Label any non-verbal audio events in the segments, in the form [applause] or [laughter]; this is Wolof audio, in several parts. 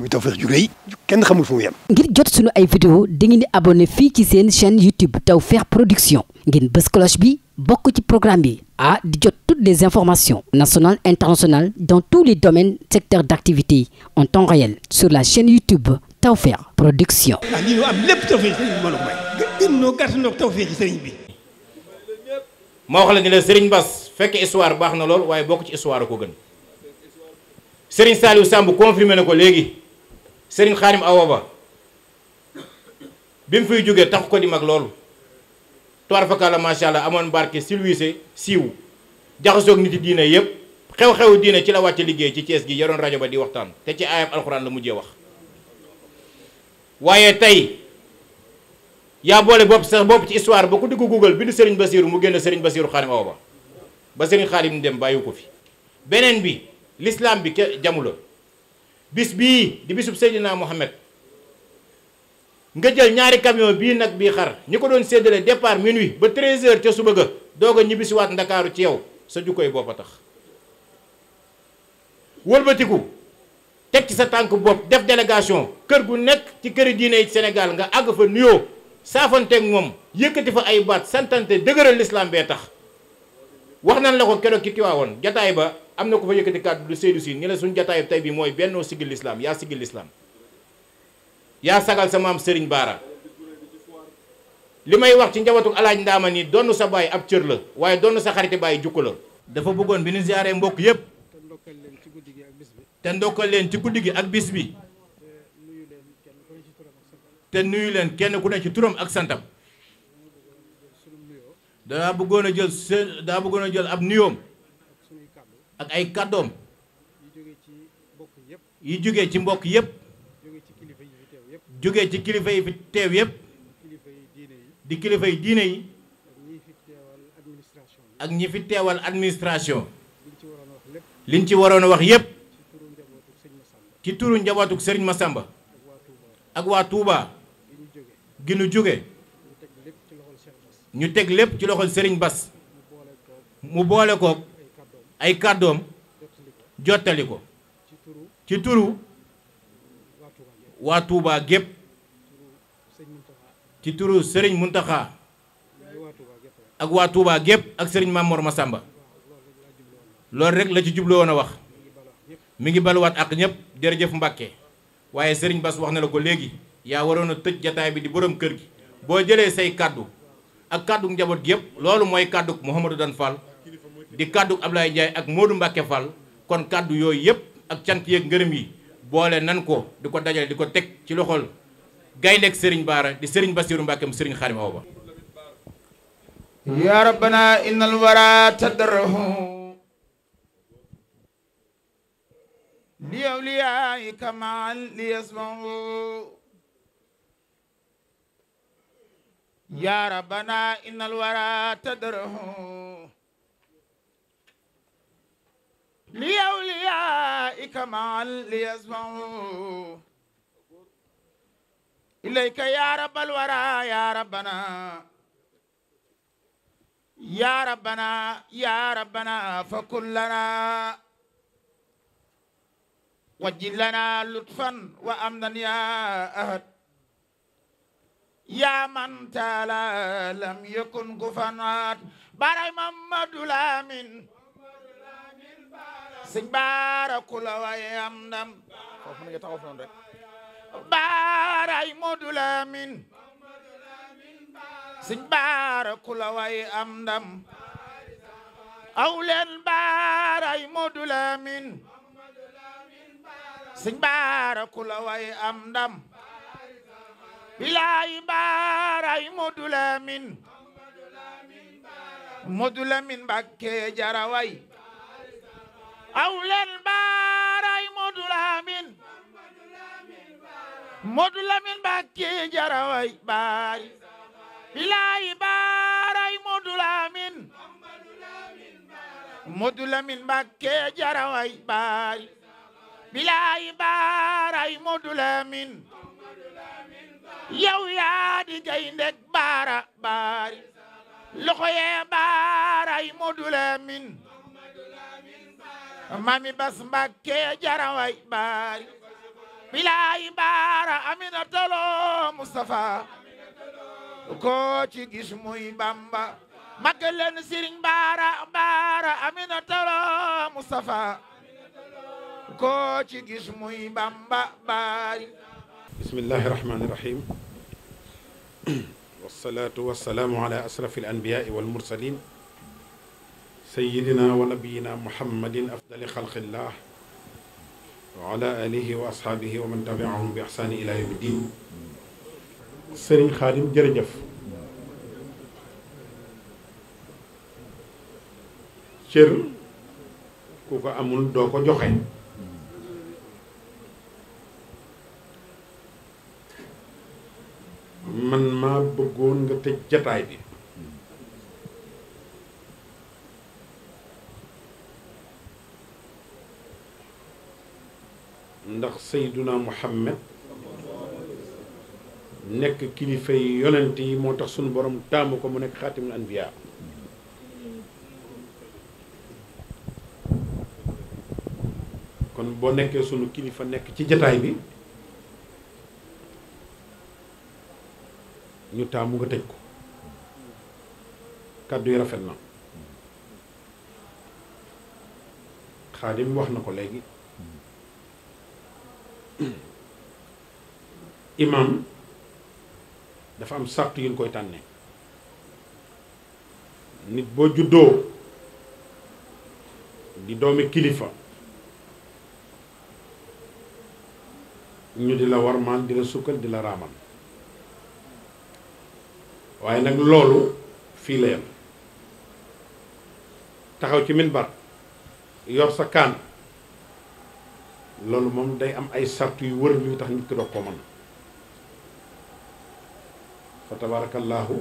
muy Tawfekh ju rëy kenn xamul fu mu yem. ngir jot sunu ay vidéo dangeen di abonné fii ci seen chaîne YouTube Tawfekh Production ngeen bës cloche bi bokk ci programme bi ah di jot toutes les informations national internationales dans tous les domaines secteurs d'activité en temps réel sur la chaîne YouTube Tawfekh Production. ah lii ñu am lépp Tawfekh sëriñ bi ma la may. gën fekk histoire baax na lool waaye bokk ci histoire ko gën sëriñ xaarim awo ba bi mu fiy jógee taxu ko di mag loolu toir fakala macha allah amoon barke silwiise siiw jaxasoog nit yi diine yépp xew-xewu diine ci la wàcc liggéey ci Thiès gi yaroon rajo ba di waxtaan te ci ayam alxuraan la mujjee wax waaye tey yaa boole bopp sax bopp ci histoire ba ku di ko google bind Serigne Bassirou mu génn Serigne Bassirou Xaadim Awa Ba ba Serigne Xaadim dem bàyyi ko fi beneen bi l'islam bi ke jamu la bis bii di bisub Seydina Mohamed nga jël ñaari camion bii nag bii xar ñi ko doon séddale départ minuit ba 13h ca suba ga doog a ñibbisiwaat ndakaaru ci yow sa jukkoy bopp a tax. wëlbatiku teg ci sa tànk bopp def délégation kër gu nekk ci këri diine yi senegal nga àgg fa nuyoo saafanteeg moom yëkkati fa ay baat santante dëgëral lislaam bee tax. wax nañ la ko keroog ci Tiwaawoon jataay ba am na ko fa yëkkati kàddu du Seydou Sine ñu ne suñu jataay tey bi mooy bennoo sigil lislaam yaa sigil lislaam sagal sa maam Serigne Baara li may wax ci njabootu alaaj ndaama nii donn sa baay ab cër la waaye donn sa xarite baay jukka la dafa bëggoon bi ñu ziyaaree mbokk yépp te ndokkal leen ci guddi gi ak bis bi te nuyu leen kenn ku ne ci turam ak santam daa bëggoon a jël seen daa bëggoon a jël ab nuyoom ak ay kàddoom yi jóge ci mbokk yépp jógee ci kilifa yi fi teew yépp di kilifa yi diine yi ak ñi fi teewal administration liñ ci waroon a wax yépp ci turu njabootuk sëriñ Masamba ak waa Touba gi nu jóge ñu teg lépp ci loxol sëriñ bas mu boole koog ay kàddoom jottali ko ci turu waa Touba gépp ci turu sëriñ Mountakha ak waa tuubaa gépp ak Serigne Mamour Massamba loolu rek la ci jublu a wax mi ngi baluwaat ak ñëpp jërëjëf Mbàkke waaye sëriñ Bass wax na la ko léegi yaa waroon a tëj jataay bi di borom kër gi boo jëlee say kàddu ak kàddug njaboot gi loolu mooy kàddug Mouhamadou Dan Fall di kàddug Ablaye Ndiaye ak Modou Mbacke Fall kon kàddu yooyu yëpp ak cant yeeg ngërëm yi boole nan ko di ko dajale di ko teg ci loxol gayndeeg Serigne Baara di Serigne Bassirou Mbacke mu Serigne Xaadim Ba ya rabbana innal wara tadrahu li يا ربنا إن الورى تدره لأوليائك معا ليسمعوا إليك يا رب الورى يا ربنا يا ربنا يا ربنا فكن لنا وجل لنا لطفا وأمنا يا أهد yaa man taala lam yakun baray Mamadou Lamine sëñ baara la waye am ndam foofu nga taxaw noonu la waye aw leen baray Modou Lamine sëñ am ndam ilaahi baaraay Modou Lamine Modou Lamine Mbacké jaraway aw leen baaraay Modou Lamine yow yaa di gayndeg baara baari loxo yee baaray Modou Lamine mami bas Mbakke jaraway baari bilaay baara amina tolo Mustafa ko ci gis muy Bamba mag leen Sëriñ baara baara amina tolo Mustafa ko ci gis muy Bamba baari bismillahi irrahmani irrahim [clears throat] wasalaatu wasalaamu ala asrafi alanbiyaai walmursalin sayidina wa nabiyina muhammadin afdali xalqillah wa ala alihi wa ashaabihi wa man tabiahum bi ixsaani ila yawmi ddin sëriñ xaadim jërëjëf cër ku ko amul doo ko joxe man maa bëggoon nga tëj jataay bi ndax Seyduna Muhammad nekk kilifa yi yonent yi moo tax sunu borom taamu ko mu nekk xaatimul anbiya kon boo nekkee sunu kilifa nekk ci jataay bi ñu taamu nga tëj ko kàddu yi rafet na xaadim wax na ko léegi imam dafa am sart yu ñu koy tànnee nit boo juddoo di doomi kilifa ñu di la warmaal di la sukkal di la raamal waaye nag loolu fii la yem taxaw ci minbar yor sa kaan loolu moom day am ay sart yu wër yu tax nit ki doog ko mën fa tabaarakallaahu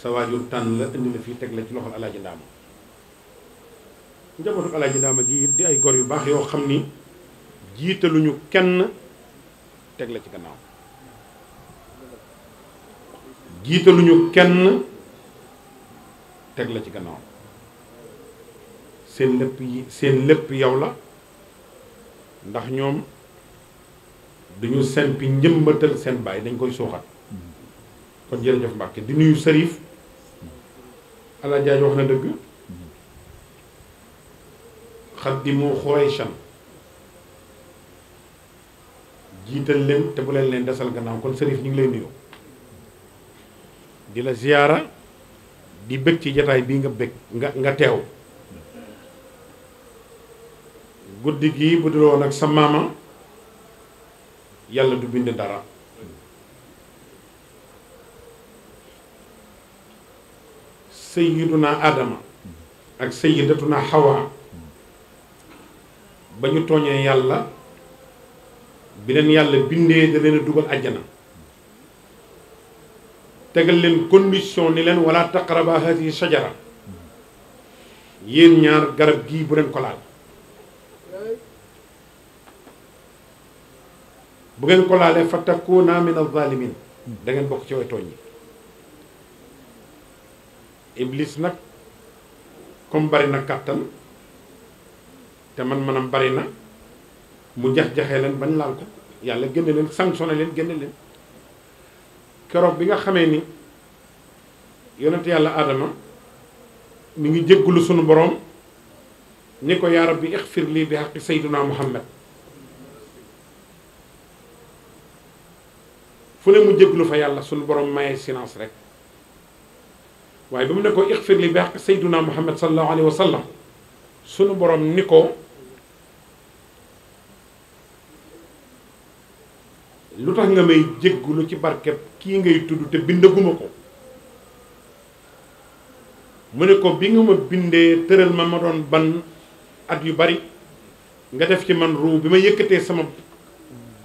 sa waajur tànn la indi la fii teg la ci loxol alaaji ndaama njabootu alaaji ndaama gi di ay gor yu baax yoo xam ni jiitaluñu kenn teg la ci gannaaw jiitaluñu kenn teg la ci gannaaw seen lépp yi seen lépp yow la ndax ñoom dañu sempi njëmbatal seen baay dañ koy suuxat kon jërëjëf Mbàkke di nuyu sërif Alaaji Jaaj wax na dëgg mu xuraysan jiital leen te bu leen leen desal gannaaw kon sërif ñu ngi lay nuyu di la ziyaara di bëgg ci jataay bii nga bëgg nga nga teew guddi gii bu dul woon ak sa maama yàlla du bind dara sayyiduna Adama ak sayyidatuna Hawa ba ñu tooñee yàlla bi leen yàlla bindee da leen a dugal àjjana tegal leen condition ni leen wala taqraba hadihi sajara yéen ñaar garab gii bu leen ko laal bu ngeen ko laalee fa takuuna min az-zalimin da dangeen bokk ci way tooñ yi iblis nag comme bari na kàttan te man manam bari na mu jax-jaxee leen bañ laal ko yàlla génne leen sanctionné leen génne leen keroog bi nga xamee ni yonent yàlla aadama mu ngi jéggulu sunu boroom ni ko yaa rabbi ixfir lii bi xaqi sayduna muhammad fu ne mu jégglu fa yàlla sunu borom maye silence rek waaye bi mu ne ko ixfir lii bi xaqi sayduna muhammad sallallahu alayhi wa sallam sunu borom ni ko lu tax nga may jéggulu ci barkeb kii ngay tudd te bindaguma ko mu ne ko bi nga ma bindee tëral ma ma doon ban at yu bari nga def ci man ruu bi ma yëkkatee sama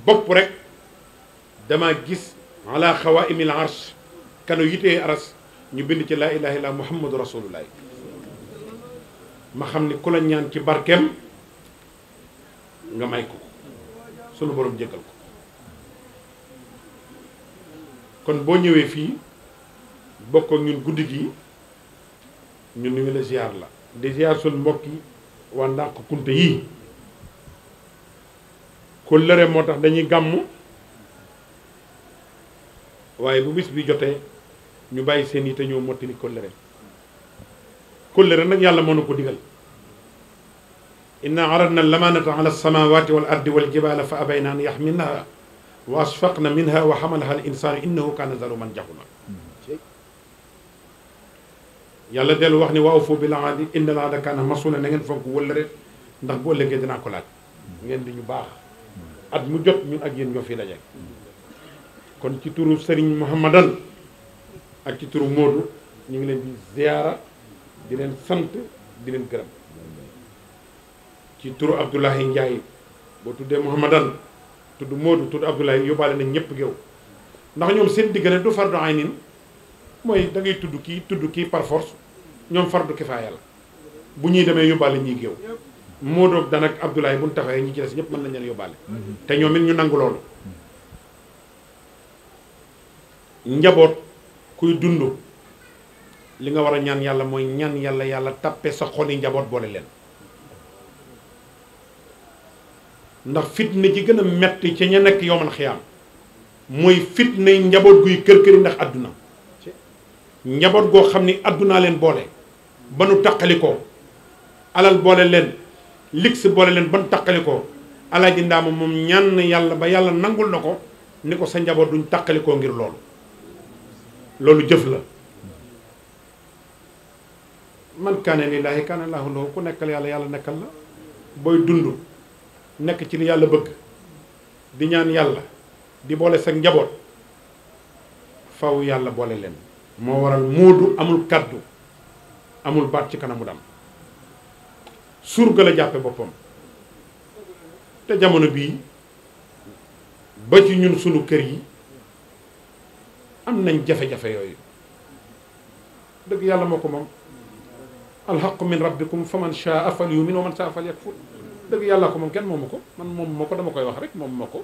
bopp rek dama gis ala xawaimil arsh kanu yitee aras ñu bind ci laa ilaha illa muhammadu rasulullahi ma xam ni ku ñaan ci barkeem nga may ko sunu borom jëkkal ko kon boo ñëwee fii bokk ñun guddi gi ñun ñu ngi la la di ziar suñ mbokk yi waa ndànk kunte yii kóllëre moo tax dañuy gàmm waaye bu bis bi jotee ñu bàyyi seen yi te ñëw mottali kóllëre kóllëre nag yàlla moo na ko digal inna aradna al amanata ala alsamawati wal ardi wal jibala fa abayna an yaxminnaha wa asfaqna minha wa xamalaha al insaan innahu kaana zaluman jahula yàlla dellu wax ni waaw awfu bil ahdi inna al ahda kaana masuula na ngeen fonk wëllëre ndax boo ëllëgee dinaa ko laaj ngeen di ñu baax at mu jot ñu ak yéen ñoo fi daje kon ci turu Serigne Mouhamadan ak ci turu Moodu ñu ngi leen di ziyaara di leen sant di leen gërëm ci turu Abdoulahi Ndiaye boo tuddee Mouhamadan tudd Modou tudd Abdoulaye yóbbaale nañ ñëpp géew ndax ñoom seen diggante du fardu ay nin mooy da tudd kii tudd kii par force ñoom du kifaaya la bu ñuy demee yóbbaale ñuy géew Modou ak Dan ak bu ñu taxawee ñi ñëpp mën nañ leen yóbbaale te ñoom it ñu nangu loolu njaboot kuy dund li nga war a ñaan yàlla mooy ñaan yàlla yàlla tàppe sa xoli njaboot boole leen ndax fitna ji gën a metti ci ña nekk yoomal xiyaam mooy fitnay njaboot guy kër këri ndax àdduna njaboot goo xam ni àddunaa leen boole ba nu taqalikoo alal boole leen ligsi boole leen ba nu taqalikoo alaaji ndaama moom ñan na yàlla ba yàlla nangul na ko ni ko sa njaboot duñ taqalikoo ngir loolu loolu jëf la man kaane lillaahi kaane laahu lahu ku nekkal yàlla yàlla nekkal la booy dund nekk ci li yàlla bëgg di ñaan yàlla di boole sa njaboot faw yàlla boole leen moo waral moodu amul kàddu amul baat ci kanamu dam surga la jàppe boppam te jamono bii ba ci ñun sunu kër yi am nañ jafe-jafe yooyu dëgg yàlla moo ko moom alxaqu min rabbikum fa man shaa fal yumin wa man shaa fal yakfur dëgg yàlla ko moom kenn moomu ko man moomu ma ko koy wax rek ma ko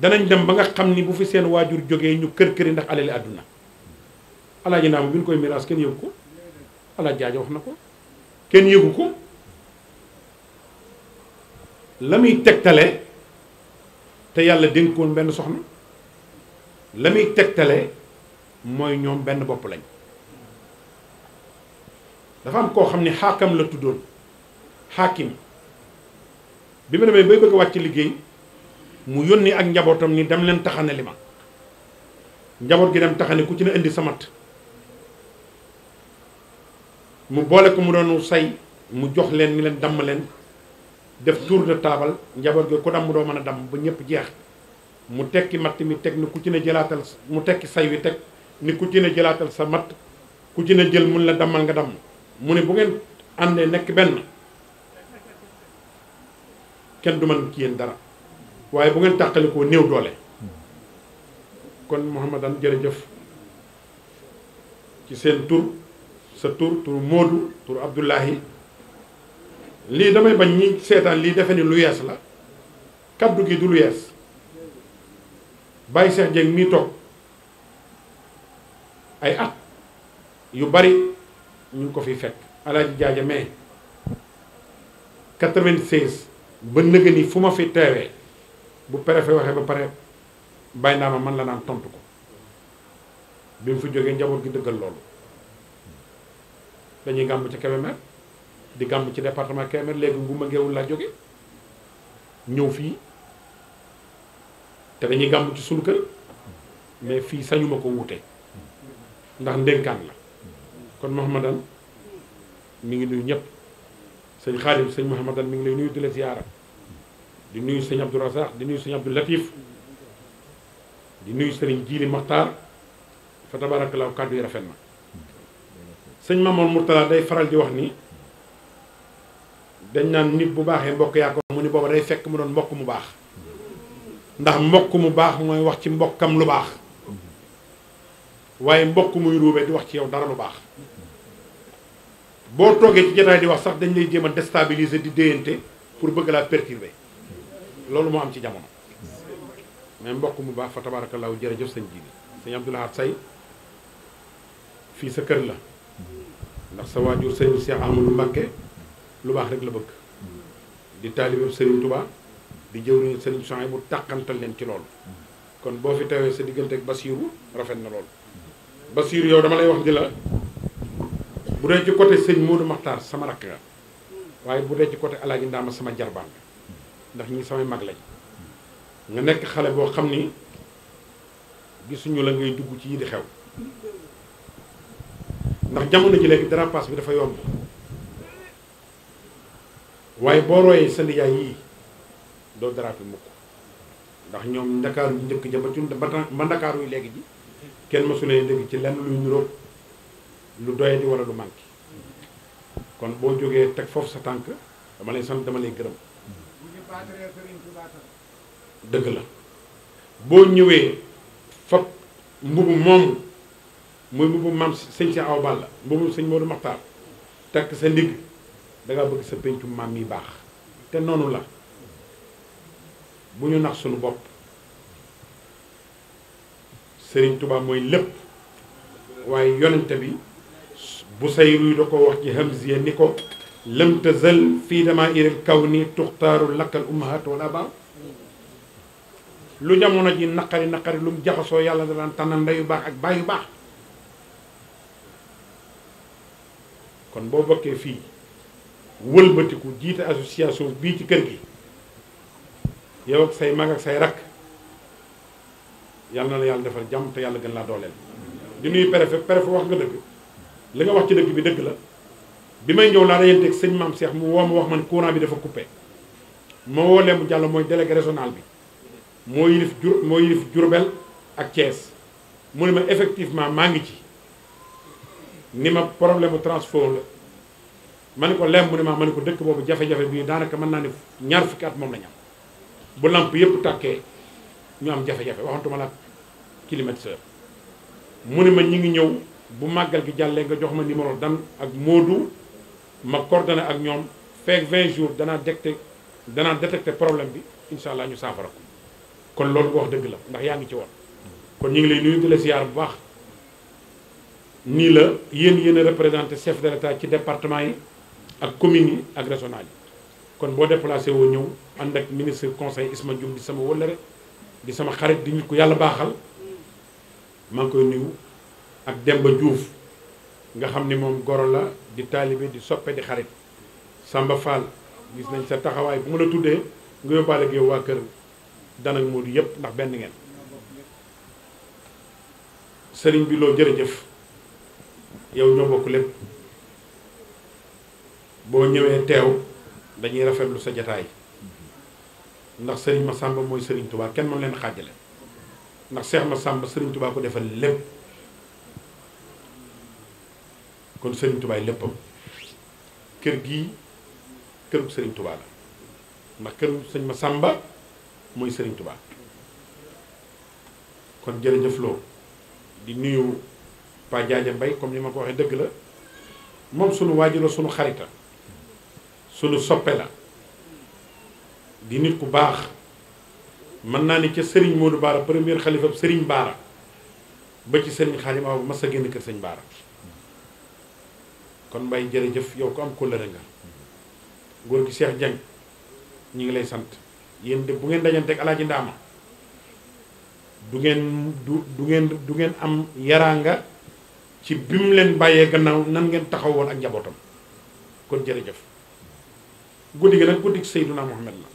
danañ dem ba nga xam ni bu fi seen waajur jógee ñu kër ndax alali àdduna alaaji naa bi ñu koy miraas kenn ko alaaj jaaja wax na ko kenn yëgu ko la muy tegtale te yàlla dénkoon benn soxna la muy tegtale mooy ñoom bopp lañ dafa am koo xam ni xaakam la tuddoon xaakim bi mu demee bay bëgg a wàcc liggéey mu yónni ak njabootam ni dem leen taxane li ma njaboot gi dem taxane ku ci na indi samat mu boole ko mu doonu say mu jox leen ni leen damm leen def tour de table njaboot gi ku damm doo mën a damm ba ñëpp jeex mu tekki matt mi teg ni ku ci ne jëlaatal mu tekki say wi teg ni ku ci ne jëlaatal sa mat ku ci ne jël mu la dammal nga damm mu ne bu ngeen àndee nekk benn kenn du man ki yéen dara waaye bu ngeen tàqali néew doole kon Mouhamadan jërëjëf ci seen tur sa tur tur Moodu tur Abdullahi lii damay bañ ñi seetaan lii defe ni lu yees la kaddu gi du lu yees Baye Cheikh Dieng mii toog ay at yu bari ñu ngi ko fi fekk Alaaji Jaaja mais 96 ba nëgë ni fu ma fi teewee bu préfet waxee ba pare bàyyi naa ma man la naan tontu ko bi mu fi jógee njaboot gi dëggal loolu dañuy gàmm ci Kébémer di gàmm ci département Kébémer léegi ma ngeewul laa jóge ñëw fii te dañuy gàmm ci sunu kër mais fii sañuma ko wuute ndax ndénkaan la kon Mouhamadan mi ngi nuyu ñëpp sëñ Xaadim sëñ Mouhamadan mi ngi lay nuyu di la ziyaara di nuyu sëñ Abdou Razak di nuyu sëñ Abdou Latif di nuyu sëriñ Jiili Maxtaar fa tabaarakallaahu kàddu yi rafet na sëñ ma Mamoon Mourtala day faral di wax ni dañ naan nit bu baaxee mbokk yaa ko mu ni booba day fekk mu doon mbokk mu baax ndax mbokk mu baax mooy wax ci mbokkam lu baax waaye mbokk muy ruube di wax ci yow dara lu baax boo toogee ci jotaay di wax sax dañ lay jéem a déstabiliser di déyante pour bëgg laa perturber loolu moo am ci jamono mais mbokk mu baax fa jër jërëjëf sëñ ji bi sëñ Abdou Lahad Say fii sa kër la ndax sa waajur sëñ Cheikh Amadou Mbacké lu baax rek la bëgg di taalibe sëriñ Touba di jëwriñ sëriñ Souhaïbou bu tàqantal leen ci loolu kon boo fi tawee sa diggante ak Basiiru rafet na loolu Basiiru yow dama lay wax di la bu dee ci côté sëñ Modou Maxtaar sama rakk nga waaye bu dee ci côté Alaaji Ndaama sama jarbaan nga ndax ñi samay mag lañ nga nekk xale boo xam ni gisuñu la ngay dugg ci yi di xew ndax jamono ji léegi dérapage bi dafa yomb waaye boo royee sa nijaay yii doo dérapé mukk ndax ñoom ndakaaru yu njëkk ja ba ba ndakaaru yu léegi ji kenn mësu leen dégg ci lenn luy niroog lu doy di wala lu manqué kon boo jógee teg foofu sa tànk dama lay sant dama lay gërëm dëgg la boo ñëwee fab mbubu moom muy mbubu maam sëñ si aw balla mbubu sëñ Modou Maxtaar takk sa ndigg danga bëgg sa pencu maam yi baax te noonu la bu ñu nax sunu bopp sëriñ Touba mooy lépp waaye yonente bi bu Busayri da ko wax ci Hamziya ni ko lam tazal fii dama iril kaw ni tuxtaaru lakkal ummahat wal aba lu jamono ji naqari naqari lu jaxasoo yàlla da daan tànnal ndeyu baax ak baayu baax kon boo bokkee fii wëlbatiku jiite association bii ci kër gi yow ak say mag ak say rakk yàlla na la yàlla defal jàmm yàlla gën laa dooleel di nuyu préfet préfet wax nga dëgg li nga wax ci dëkk bi dëgg la bi may ñëw laa dayanteeg sëñ maam Cheikh mu woo ma wax man courant bi dafa coupé ma woo Lembu Diallo mooy délégué régional bi moo yilif jur ak Thiès mu ne ma effectivement maa ngi ci ni ma problème mu transport la ma ne ko Lembu ne ma ma ne ko dëkk boobu jafe-jafe bii daanaka mën naa ne ñaar fukki at moom la ñu bu làmp yëpp tàkkee ñu am jafe-jafe waxantuma la climatiseur mu ne ma ñi ngi ñëw bu màggal gi jàllee nga jox ma numéro dan ak Modou ma coordonné ak ñoom feek 20 jours danaa détecté danaa détecté problème bi incha allah ñu saafara ko kon loolu nga wax dëgg la ndax yaa ngi ci woon kon ñu ngi lay nuyu di la ziar bu baax nii la yéen yéen a représenté chef de l'état ci département yi ak communes yi ak régional yi kon boo déplacé woo ñëw ànd ak ministre conseil Isma Diouf di sama wëllëre di sama xarit di nit ku yàlla baaxal maa ngi koy nuyu ak Demba juuf nga xam ni moom goro la di taalibe di soppe di xarit Samba Fall gis nañ sa taxawaay bu mu la tuddee nga yóbbaale ak yow waa kër danak Modou yëpp ndax benn ngeen sëriñ bi loo jërëjëf yow ñoo bokk lépp boo ñëwee teew dañuy rafetlu sa jataay ndax sëriñ Massamba mooy sëriñ Touba kenn mën leen xaajale ndax Seex Massamba sëriñ Touba ko defal lépp kon sëriñ tubaay léppam kër gii këru sëriñ tubaa la ndax këru sëñ ma sàmba mooy sëriñ tubaa kon jërëjëf loo di nuyu Pa Jaaja Mbay comme ni ma ko waxee dëgg la moom sunu waajur la suñu xarita sunu soppe la di nit ku baax mën naa ni ca sëriñ Moodu Baara premier xalifab sëriñ Baara ba ci sëriñ Xaadim Awa bu mas a génn kër sëñ Baara kon Mbaye jërëjëf yow ko am kóllëre nga góor gi Cheikh Dieng ñu ngi lay sant yéen de bu ngeen dajanteeg alaaji ndaama du ngeen du du ngeen du ngeen am nga ci bi mu leen bàyyee gannaaw nan ngeen taxaw woon ak njabootam kon jërëjëf guddi gi nag guddi Seyduna Mohamed la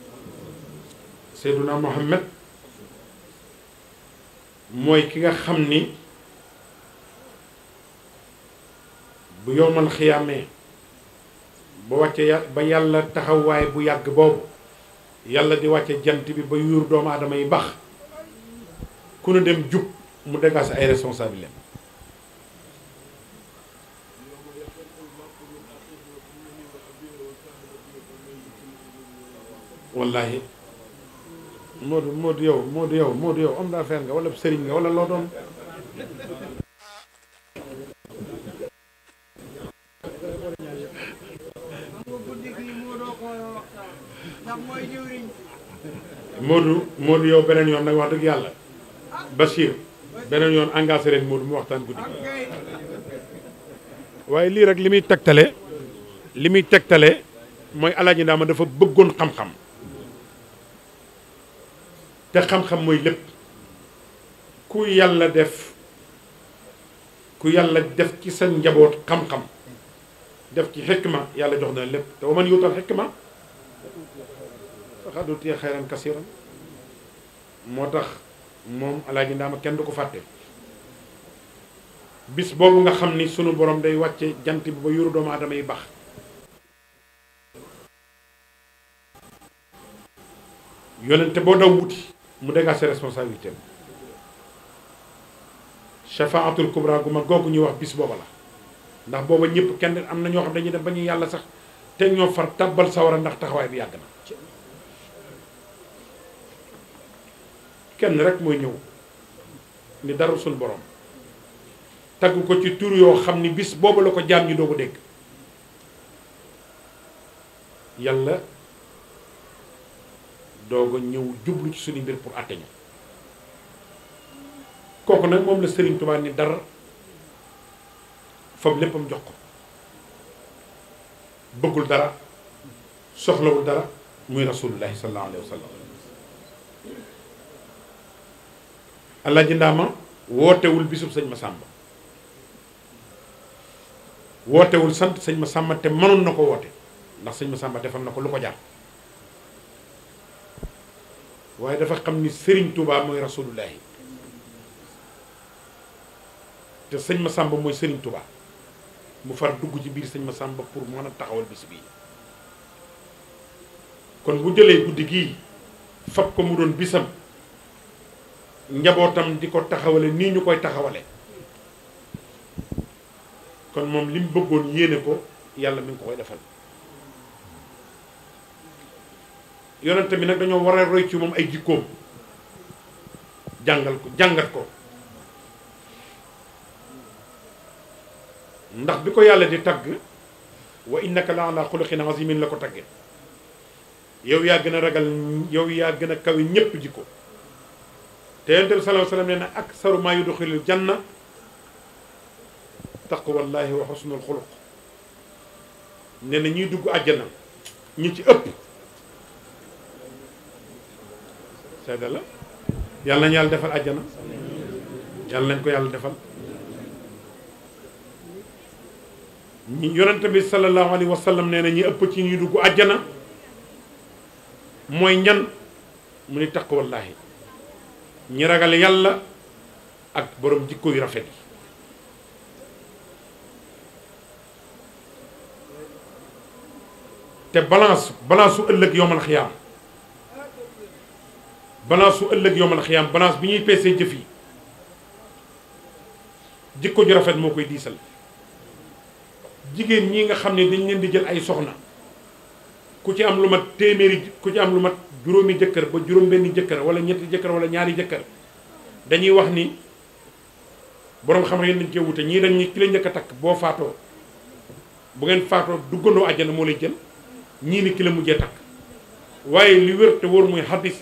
Seyduna Mohamed mooy ki nga xam ni bu yowmal xiyaamee ba wàcce ba yàlla taxawaay bu yàgg boobu yàlla di wàcce jant bi ba yuur doomu aadama yi bax ku ne dem jub mu dégage ay responsabilité wallahi Modou moo du Modou yow Modou yow am daa feer nga wala sëriñ nga wala loo doon Modou Modou yow beneen yoon nag wax dëgg yàlla Bachir beneen yoon engagé leen Modou mu waxtaan guddi waaye lii rek li muy tegtale li muy tegtale mooy alaaji ma dafa bëggoon xam-xam te xam-xam mooy lépp ku yàlla def ku yàlla def ci sa njaboot xam-xam def ci xikma yàlla jox na lépp te waman yuutal xikma xad utiya xayran kasiran moo tax moom alaaji ma kenn du ko fàtte bis boobu nga xam ni sunu borom day wàcce jant bi ba yuru doomu aadama yi bax yonente boo daw wuti mu dégaa ses responsabilités am shafaatul kubra gu ma googu ñu wax bis booba la ndax booba ñëpp kenn am na ñoo xam dañuy dem ba ñu yàlla sax te ñoo far tàbbal sawara ndax taxawaay bi yàgg na kenn rek mooy ñëw ni dara suñu boroom tagg ko ci tur yoo xam ni bis boobu la ko jaam ñi doo ko dégg yàlla doog a ñëw jublu ci suñu mbir pour àtte ñu kooku nag moom la Serigne Touba ni dara fam léppam jox ko bëggul dara soxlawul dara muy rasulullahi sallallahu alayhi wa sallam Alaaji Ndaama wootewul bisub sëñ Masamba wootewul sant sëñ Masamba te mënoon na ko woote ndax sëñ ma sàmba defal na ko lu ko jar waaye dafa xam ni sëriñ Touba mooy rasulullahi te sëñ ma Masamba mooy Serigne Touba mu far dugg ci biir sëñ ma Masamba pour mën a taxawal bis bii kon bu jëlee guddi gii fab ko mu doon bisam. njabootam di ko taxawale nii ñu koy taxawale kon moom li bëggoon yéene ko yàlla mi ngi ko koy defal yonent bi nag dañoo war a roy moom ay jikkoom jàngal ko jàngat ko ndax bi ko yàlla di tagg wa innaka la ala yi azimin la ko tagge yow yaa gën a ragal yow yaa gën a kawe ñépp jikko te yonent bi sallallahu alayhi wasallam nee na aksaru maa yudxilul janna taqwallahi wa xusnul xuluq nee na ñuy dugg àjjana ñi ci ëpp sedda la yàlla nañu yàlla defal àjjana yàlla nañ ko yàlla defal ñu yonent bi sallallahu alayhi wa sallam nee na ñi ëpp ci ñuy dugg àjjana mooy ñan mu ni taqwallahi ñi ragale yàlla ak boroom jikko yu rafet yi te balance balance su ëllëg yomal xiyaam balance su ëllëg yomal xiyaam balance bi ñuy peesee jëf yi jikko ju rafet moo koy diisal jigéen ñi nga xam ne dañ leen di jël ay soxna ku ci am lu mat téeméeri ku ci am lu mat juróomi jëkkër ba juróom benni jëkkër wala ñetti jëkkër wala ñaari jëkkër dañuy wax ni boroom xam yéen nañ cee wute ñii dañ ni ki la njëkk a takk boo faatoo bu ngeen faatoo duggandoo àjjana moo lay jël ñii ni ki la mujjee takk waaye li wér te wóor muy hadis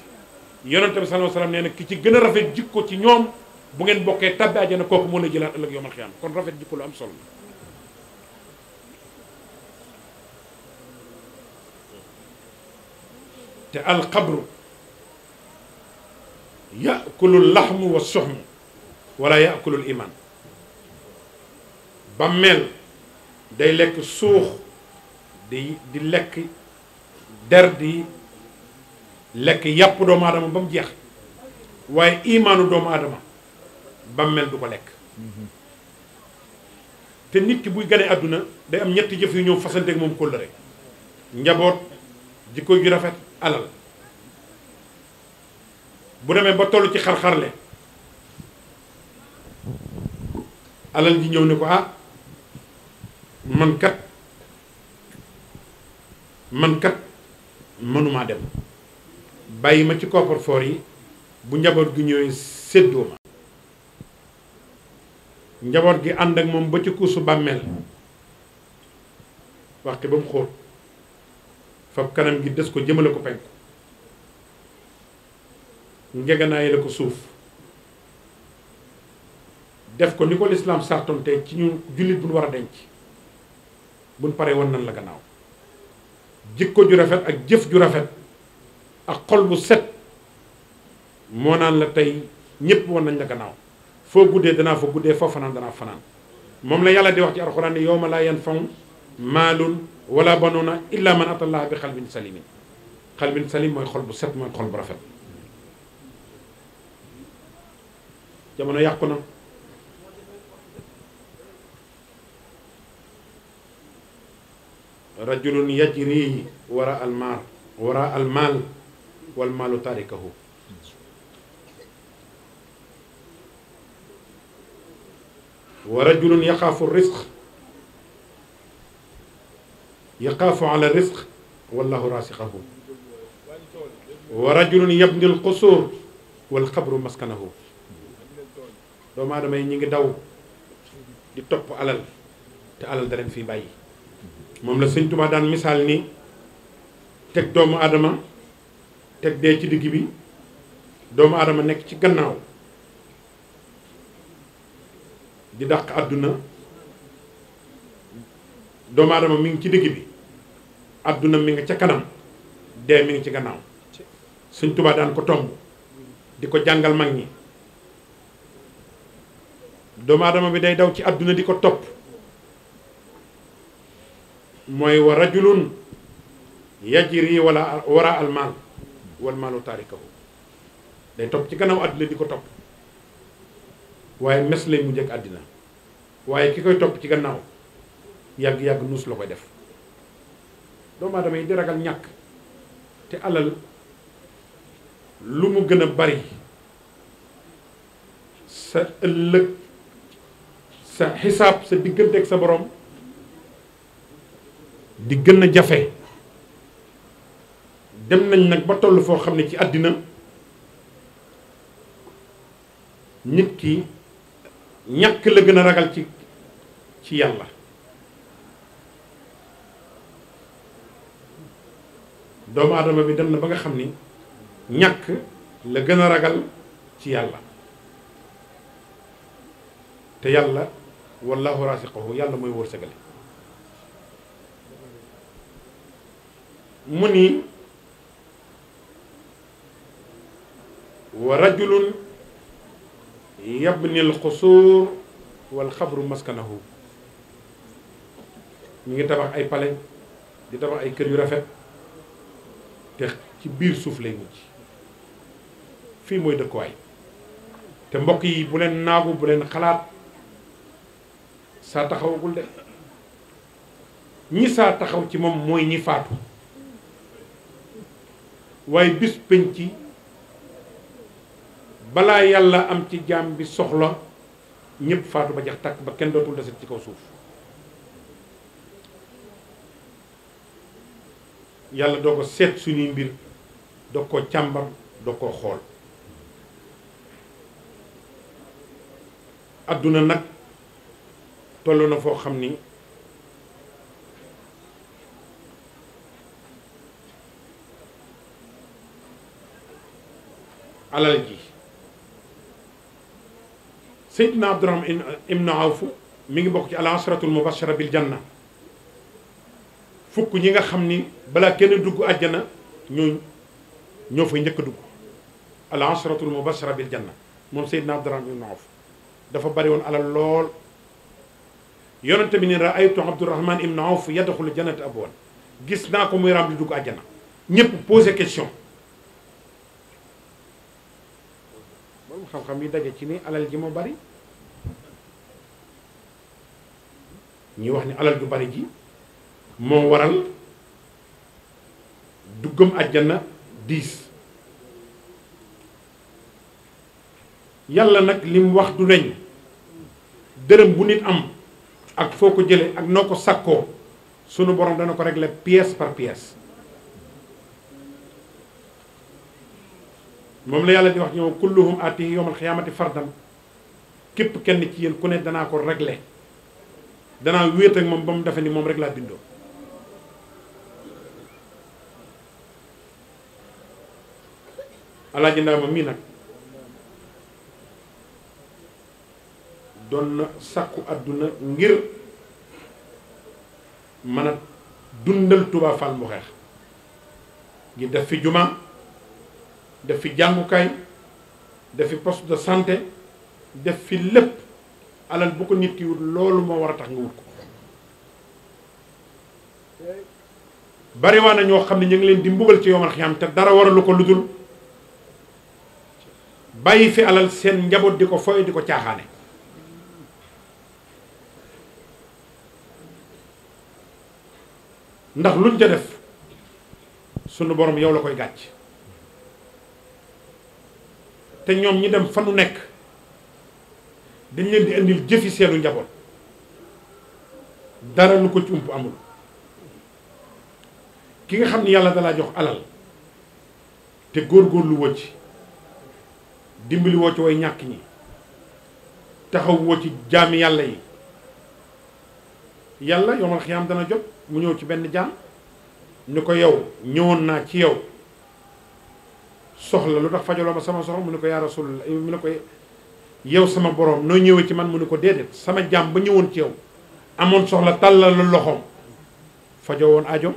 yonente bi sallallahu alayhi wasallam nee ki ci gën a rafet jikko ci ñoom bu ngeen bokkee tabbi àjjana kooku moo lay jëlaat ëllëg yowmal xiyaam kon rafet jikko lu am solo te alxabru yakulul laxmu wa soxmu wala yakulul iman bàmmeel day lekk suux di di lekk der di lekk yàpp doomu aadama ba mu jeex waaye imaanu doomu aadama bàmmeel du ko lekk te nit ki buy gane àdduna day am ñetti jëf yu ñëw fasanteeg moom kóllëre njaboot jikko ju rafet alal bu demee ba toll ci xar-xarle alal ji ñëw ne ko ah mankat kat mënumaa dem bàyyi ma ci coffre yi bu njaboot gi ñëwee séddoo ma njaboot gi ànd ak moom ba ci kuusu bàmmeel waxte ba mu xóot fab kanam gi des ko jëmale ko penk ngeganaayi la ko suuf def ko ni ko lislaam sartoon tey ci ñu jullit buñ war a denc buñ paree wan nan la gannaaw jikko ju rafet ak jëf ju rafet ak xol bu set moo naan la tey ñépp wan nañ la gannaaw foo guddee danaa fa guddee foo fanaan danaa fanaan moom la yàlla di wax ci alxuraan ni yawma laa yanfa'u maalun wala banuna illa man atallah bi xalbin salimin xalbin salim mooy xol bu set mooy xol bu rafet jamono yàqu na rajulun yajri wara almaal wara almaal walmaalu tarikahu wa rajulun yaxaafu risq yaqaafu ala risq wallahu raasiqahu wa rajulun yabni al qusuur wal xabru maskanahu doomu aadama yi ñu ngi daw di topp alal te alal da leen bàyyi moom la sëñ Tuubaa daan misaal ni teg doomu aadama teg dee ci digg bi doomu aadama nekk ci gannaaw di daq àdduna doomu aadama mi ngi ci digg bi adduna mi nga ca kanam dee mi ngi ci gannaaw suñ tubaa daan ko tomb di ko jàngal mag ñi doomu aadama bi day daw ci àdduna di ko topp mooy wa rajulun yajri wala wara almaal wal maalu taarikahu day topp ci gannaaw adduna di ko topp waaye mes lay mujj àddina waaye ki koy topp ci gannaaw yàgg-yàgg nuus la koy def doomu aadama yi di ragal ñàkk te alal lu mu gën a bari sa ëllëg sa xisaab sa diggante ak sa boroom di gën a jafe dem nañ nag ba toll foo xam ne ci àddina nit ki ñàkk la gën a ragal ci ci yàlla doomu aadama bi dem na ba nga xam ni ñàkk la gën a ragal ci yàlla te yàlla wallahu rasiqahu yàlla mooy wërsëgale mu ni wa rajulun yabni alxusuur wal xabru maskanahu mu ngi tabax ay pale di tabax ay kër yu rafet te ci biir suuf lay mujj fii mooy dëkkuwaay te mbokk yi bu leen naagu bu leen xalaat saa taxawagul de ñi saa taxaw ci moom mooy ñi faatu waaye bis penc ci balaa yàlla am ci jaam bi soxla ñëpp faatu ba jax takk ba kenn dootul deset ci kaw suuf yàlla doo ko seet suñuy mbir doo ko càmbar doo ko xool àdduna nag toll na foo xam ni alal ji Seydina Abdourahmane ibn Awf mi ngi bokk ci al asratul mubashara bil janna fukk ñi nga xam ni balaa kenn dugg àjjana ñoo ñoo fay njëkk dugg al asratul mubashara bil janna moom Seydina Abdurahman ibn Awf dafa bari woon alal lool yonente bi ne raaytu Abdurahman ibn Awf yadxulu jannata abwan gis naa ko mu raam di dugg àjjana ñëpp posé question moom xam-xam yi daje ci ni alal ji moo bari ñuy wax ni alal ju bari ji moo waral duggam àjjana diis yàlla nag li wax du deñ dërëm bu nit am ak foo ko jële ak noo ko sàkkoo sunu borom dana ko regle pièce par pièce moom la yàlla di wax ñoom kulluhum atihi yawmal xiyaamati fardan képp kenn ci yéen ku ne danaa ko régler danaa wéet ak moom ba mu defe ni moom rek laa bindoo alaaji ndaama mii nag doon na sàkku àdduna ngir mën a dundal Touba Fall mu xeex ngir def fi juma def fi jàngukaay def fi poste de santé def fi lépp alal bu ko nit ki wut loolu moo war a tax nga wut ko bari waa na ñoo xam ne ñu ngi leen di mbugal ci yomal xiyam te dara waralu ko ludul bàyyi fi alal seen njaboot di ko foye di ko caaxaane ndax luñ ca def sunu borom yow la koy gàcc te ñoom ñi dem fanu nekk dañ leen di indil jëfi seenu njaboot dara lu ko ci ump amul ki nga xam ni yàlla dalaa jox alal te góor góor lu wëcc dimbali woo ci woy ñàkk ñi taxaw woo ci jaam yàlla yi yàlla yomal xiyaam dana jot mu ñëw ci benn jaam ni ko yow ñëwoon naa ci yow soxla lu tax fajaloo ma sama soxla mu ne ko yaa rasulullah mu ne ko yow sama borom noo ñëwee ci man mu ne ko déedéet sama jaam ba ñëwoon ci yow amoon soxla tàllal lu loxoom fajo woon ajoom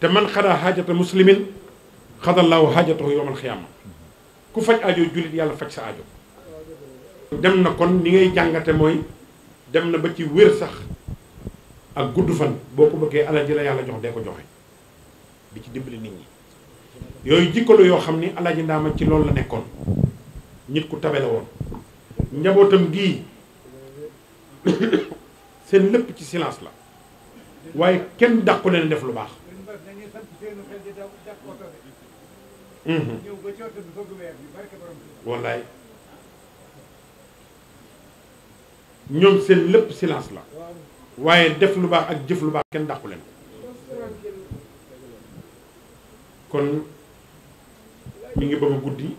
te man xadaa xaajata muslimin xadallaahu xaajatahu yowmal xiyaama ku faj aajo jullit yàlla faj sa aajo dem na kon ni ngay jàngate mooy dem na ba ci wér sax ak gudd fan boo ko bëggee alal ji la yàlla jox de ko joxe bi ci dimbali nit ñi yooyu jikko yoo xam ni alaaji ndaama ci loolu la nekkoon ñit ku tabe la woon njabootam gii [coughs] seen lëpp ci silence la waaye kenn dàqu leen def lu baax seen xel di daw def oto mhm. wallaay ñoom seen lépp silence la. waaye def lu baax ak jëf lu baax kenn dàqu leen. kon mu ngi bëgg a guddi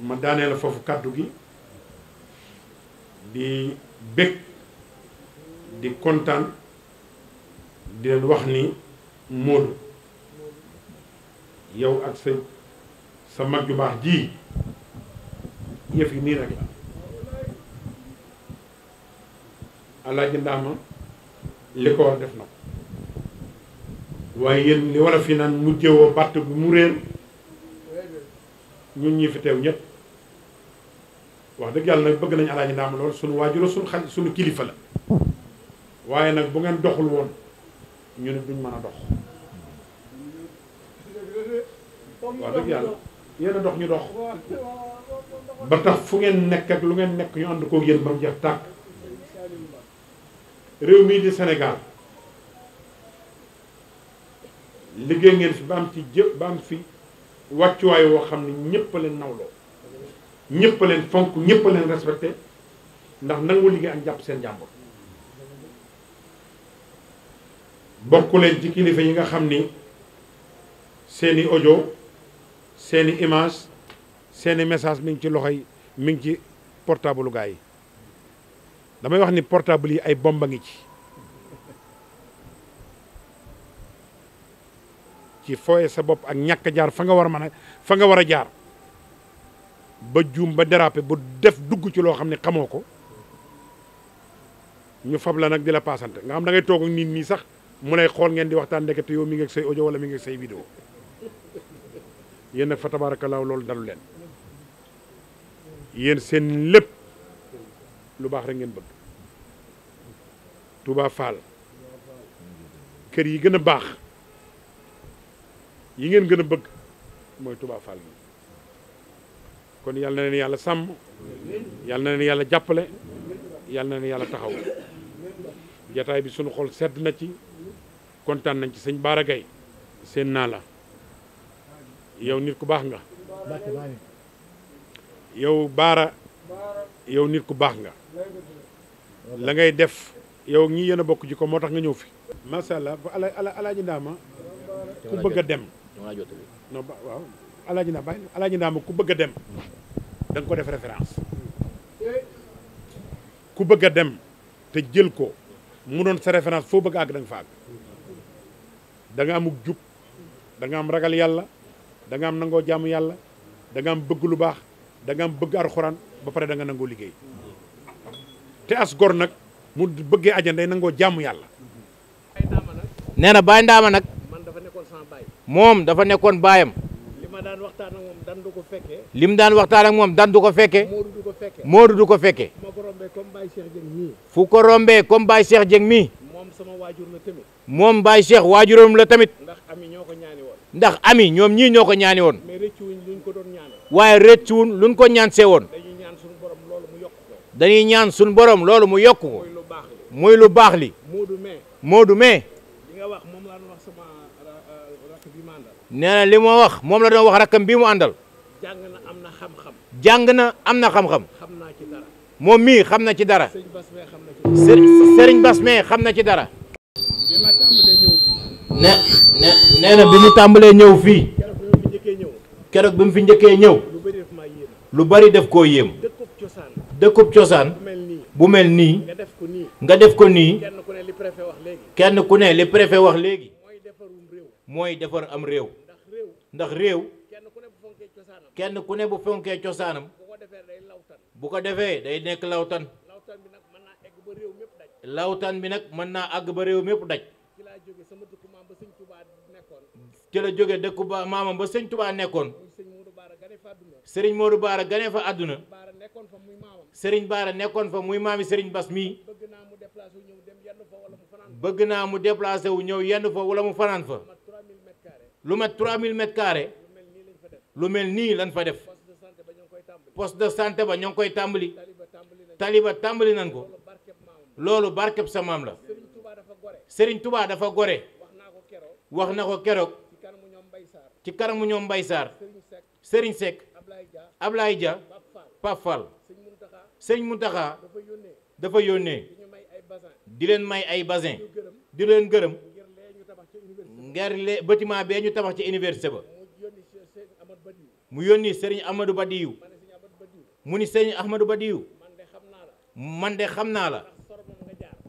ma daanee la foofu kàddu gi di bég di kontaan di leen wax ni. Moodu yow ak sa sa mag ju baax jii yëf yi nii rek la alaaji ndaama li ko war def na ko waaye yéen li war fii fi naan mujjewoo bàtt bu mu réer ñun ñi fi teew ñëpp wax dëgg yàlla nag bëgg nañu alaaji ndaama lool suñu waajur la suñu xaj suñu kilifa la waaye nag bu ngeen doxul woon ñu ne duñ mën a dox waa dëgg yàlla yéen a dox ñu dox ba tax fu ngeen nekk ak lu ngeen nekk ñu ànd koo yéen ba mu tàkk réew mii di Sénégal liggéey ngeen fi ba am ci jë ba am fi wàccuwaay woo xam ne ñëpp a leen nawloo ñëpp a leen fonk ñëpp a leen respecté ndax nangu liggéey ak jàpp seen jàmbur bokk ci kilifa yi nga xam ni seeni ojo seeni image seeni message mi ngi ci loxo yi mi ngi ci portable gaa yi damay wax ni portable yi ay bomba ngi ci ci fooye sa bopp ak ñàkk jaar fa nga war mën a fa nga war a jaar ba juum ba déraper bu def dugg ci loo xam ne xamoo ko ñu fab la nag di la paasante nga xam da ngay toog ak nit ñi sax mu lay xool ngeen di waxtaan ndekete yow mi ngi ak say audio wala mi ngi ak say vidéo yéen nag fa loolu dalu leen yéen seen lépp lu baax rek ngeen bëgg tubaa Fall kër yi gën a baax yi ngeen gën a bëgg mooy Touba Fall kon yàlla na leen yàlla sàmm yàlla na leen yàlla jàppale yàlla na leen yàlla taxaw jataay bi sunu xool sedd na ci kontaan nañ ci sëñ Baara Gaye seen naa la yow nit ku baax nga yow Baara yow nit ku baax nga la ngay def yow ñi yéen a bokk ci ko moo tax nga ñëw fi macha allah bu ala ala alaaji ndaama ku bëgg a dem non waaw alaaji ndaama ku bëgg a dem da ko def référence ku bëgg a dem te jël ko mu doon sa référence foo bëgg àgg da fa àgg da nga amuk jub da am ragal yàlla da am nangoo jaamu yàlla da am bëgg lu baax da am bëgg arxuraan ba pare da nga nangoo liggéey te as gor nag mu bëggee ajana day nangoo jaamu yàlla. nee na Baye Ndama nag moom dafa nekkoon baayam. lim daan waxtaan ak moom dan ko fekkee. lim daan waxtaan ak moom dan du ko fekkee. Moodu du ko fekkee. fu ko rombee comme Baye Cheikh Dieng mii. moom Baye Cheikh waajuram la tamit ndax ami ko ñaani woon ndax ami ñoom ñii ñoo ko ñaani woon waaye rëccuwuñ luñ ko ñaan see woon dañuy ñaan suñu borom loolu mu yokk ko muy lu baax li Moodu mais euh, nee na li ma wax moom la doon wax rakkam bii mu àndal jàng na am na xam-xam jàng na am na xam-xam moom mii xam na ci dara Serigne Bass mee xam na ci dara ne ne nee na bi ñu tàmbalee ñëw fii keroog bi mu fi njëkkee ñëw lu bari def koo yéem dëkkub cosaan bu mel nii nga def ko nii kenn ku ne li préfet wax léegi réew mooy defar am réew ndax réew kenn ku ne bu fonkee cosaanam bu ko defee day nekk lawtan lawtaan bi nag mën naa àgg ba réew mépp daj ci la jóge dëkku ba maamam ba sëñ Touba nekkoon sëriñ Modou Baara gane fa àdduna sëriñ Baara nekkoon fa muy maami sëriñ Bas mii bëgg naa mu déplacé wu ñëw yenn fa wala mu fanaan fa lu mat 3000 mètres carrés lu mel nii lan fa def poste de santé ba ñoo ngi koy tàmbali taliba tàmbali nan ko loolu barkeb sa maam la Serigne tubaa dafa gore wax na ko keroog ci kanamu ñoom Mbay Saar Serigne Seck Ablaye Dia Pape Fall Serigne Mountakha dafa yónnee di leen may ay basin di leen gërëm ngir le bâtiment bee ñu tabax ci université ba mu yónni Serigne Amadou Badiou mu ni Serigne Ahmadou Badiou man de xam naa la.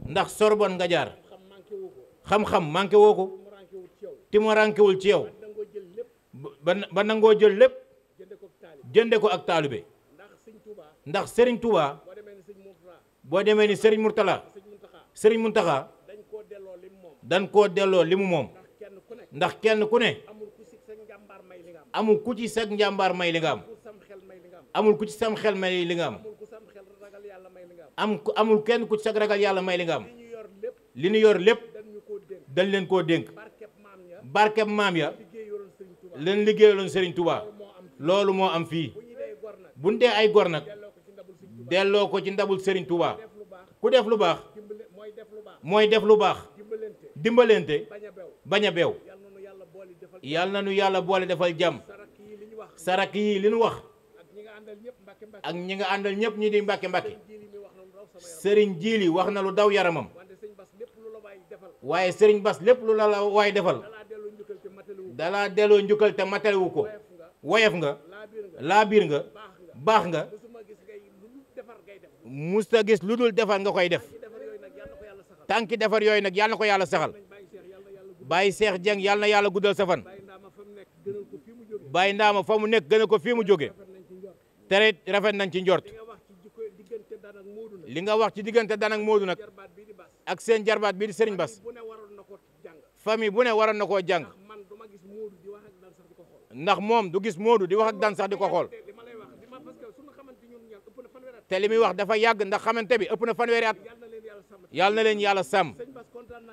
ndax Sorbonne nga jaar xam-xam manqué woo ko timorankewul ci yow ba ba nangoo jël lépp jënde ko ak taalibe ndax Serigne Touba boo demee ni Serigne Mourtala Serigne Mountakha dañ koo delloo li mu moom ndax kenn ku ne amul ku ci sag njàmbaar may li nga am amul ku ci sam xel may li nga am am ku amul kenn ku ci sag ragal yàlla may li nga am li ñu yor lépp dañ leen koo dénk barkeb maam ya leen liggéeyaloon Serigne Touba loolu moo am fii buñ dee ay gor nag delloo ko ci ndabul Serigne Touba ku def lu baax mooy def lu baax dimbalente bañ a beew yàlla na nu yàlla boole defal jàmm sarak yi li nu wax ak ñi nga àndal ñëpp ñi di mbàkke mbàkke sëriñ Jili wax na lu daw yaramam waaye sëriñ Bas lépp lu la la waay defal dalaa delloo njukkal te matalewu ko woyof nga laa biir nga baax nga musta gis lu dul defal nga koy def tànki defar yooyu nag yàlla na ko yàlla saxal bàyyi seex jeng yàlla na yàlla guddal safan bàyyi ndaama fa mu nekk gën ko fii mu jóge tere rafet nañ ci njort li nga wax ci diggante Dan ak Modou nag ak seen jarbaat bii di Serigne Bass fami bu ne waroon na koo jàng ndax moom du gis moodu di wax ak Dan di ko xool te li muy wax dafa yàgg ndax xamante bi ëpp na fanweeri at yàlla na leen yàlla sàmm